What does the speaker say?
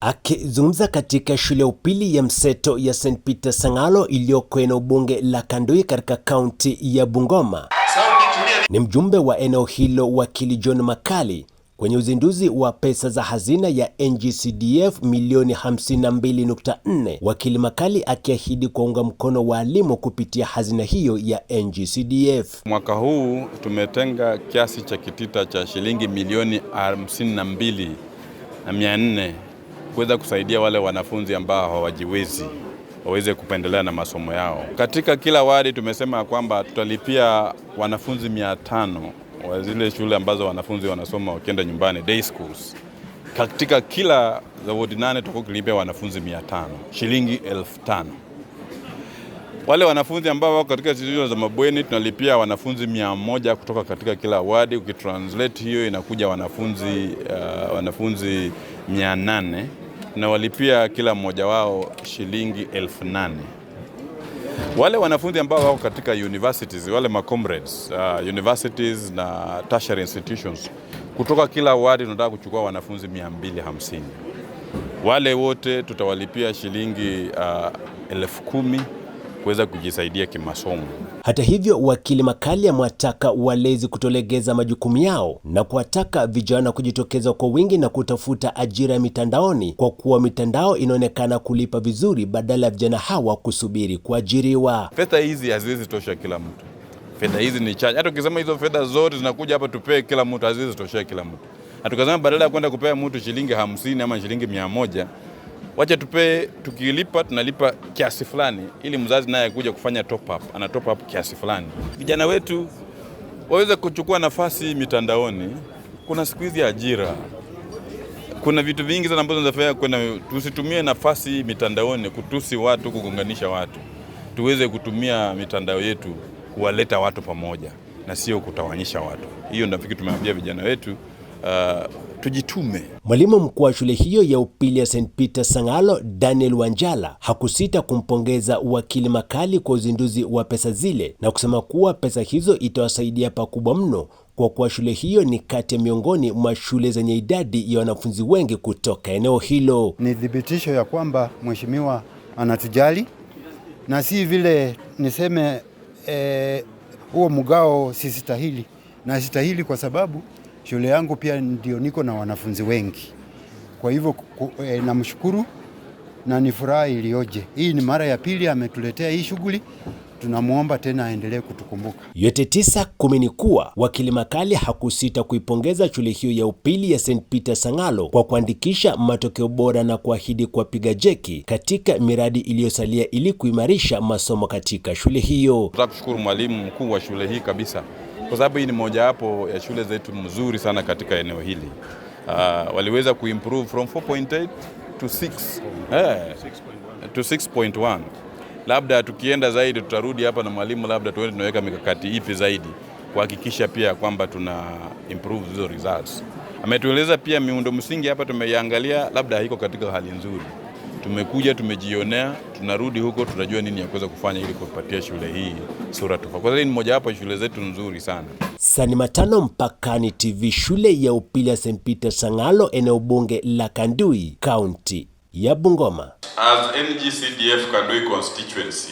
Akizungumza katika shule ya upili ya mseto ya St Peter Sangalo iliyoko eneo bunge la Kanduyi katika kaunti ya Bungoma, ni mjumbe wa eneo hilo wakili John Makali kwenye uzinduzi wa pesa za hazina ya NGCDF milioni 52.4, wakili Makali akiahidi kuwaunga mkono waalimu kupitia hazina hiyo ya NGCDF. Mwaka huu tumetenga kiasi cha kitita cha shilingi milioni 52 na 400 kuweza kusaidia wale wanafunzi ambao hawajiwezi waweze kupendelea na masomo yao. Katika kila wadi tumesema kwamba tutalipia wanafunzi mia tano wa zile shule ambazo wanafunzi wanasoma wakienda nyumbani day schools. Katika kila za wodi nane tutakuwa kulipia wanafunzi mia tano shilingi elfu tano. Wale wanafunzi ambao wako katika shule za mabweni tunalipia wanafunzi mia moja kutoka katika kila wadi. Ukitranslate hiyo inakuja wanafunzi uh, wanafunzi mia nane nawalipia kila mmoja wao shilingi elfu nane. Wale wanafunzi ambao wako katika universities, wale macomrades uh, universities na tertiary institutions kutoka kila wadi tunataka kuchukua wanafunzi 250. Wale wote tutawalipia shilingi uh, elfu kumi kuweza kujisaidia kimasomo. Hata hivyo, wakili makali amewataka walezi kutolegeza majukumu yao na kuwataka vijana kujitokeza kwa wingi na kutafuta ajira ya mitandaoni kwa kuwa mitandao inaonekana kulipa vizuri badala ya vijana hawa kusubiri kuajiriwa. Fedha hizi haziwezi tosha kila mtu, fedha hizi ni chache. Hata ukisema hizo fedha zote zinakuja hapa tupee kila mtu, haziwezi toshea kila mtu. tukasema badala ya kwenda kupea mtu shilingi hamsini ama shilingi mia moja wacha tupe, tukilipa tunalipa kiasi fulani, ili mzazi naye kuja kufanya top up, ana top up kiasi fulani. Vijana wetu waweze kuchukua nafasi mitandaoni. Kuna siku hizi ajira, kuna vitu vingi sana ambazo tunafanya kwenda. Tusitumie nafasi mitandaoni kutusi watu, kugonganisha watu, tuweze kutumia mitandao yetu kuwaleta watu pamoja na sio kutawanyisha watu. Hiyo nafikiri tumeambia vijana wetu uh, tujitume. Mwalimu mkuu wa shule hiyo ya upili ya St Peter Sangalo, Daniel Wanjala, hakusita kumpongeza wakili Makali kwa uzinduzi wa pesa zile na kusema kuwa pesa hizo itawasaidia pakubwa mno kwa kuwa shule hiyo ni kati ya miongoni mwa shule zenye idadi ya wanafunzi wengi kutoka eneo hilo. Ni thibitisho ya kwamba mheshimiwa anatujali na si vile niseme eh, huo eh, mgao sistahili na sistahili kwa sababu Shule yangu pia ndio niko na wanafunzi wengi, kwa hivyo e, namshukuru na ni furaha iliyoje. Hii ni mara ya pili ametuletea hii shughuli, tunamwomba tena aendelee kutukumbuka. Yote tisa kumi ni kuwa wakili Makali hakusita kuipongeza shule hiyo ya upili ya St Peter Sang'alo kwa kuandikisha matokeo bora na kuahidi kuwapiga jeki katika miradi iliyosalia ili kuimarisha masomo katika shule hiyo. Tunataka mwalimu mkuu wa shule hii kabisa kwa sababu hii ni mojawapo ya shule zetu mzuri sana katika eneo hili. Uh, waliweza kuimprove from 4.8 to 6 yeah, to 6.1. Labda tukienda zaidi tutarudi hapa na mwalimu, labda tuende tunaweka mikakati ipi zaidi kuhakikisha pia kwamba tuna improve hizo results. Ametueleza pia miundo msingi hapa tumeiangalia, labda haiko katika hali nzuri. Tumekuja tumejionea, tunarudi huko, tunajua nini ya kuweza kufanya ili kupatia shule hii sura tofauti. Kwa sababu ni moja wapo shule zetu nzuri sana. Sani Matano Mpakani TV, shule ya upili ya St Peter Sang'alo, eneo bunge la Kandui, kaunti ya Bungoma. As NGCDF Kandui constituency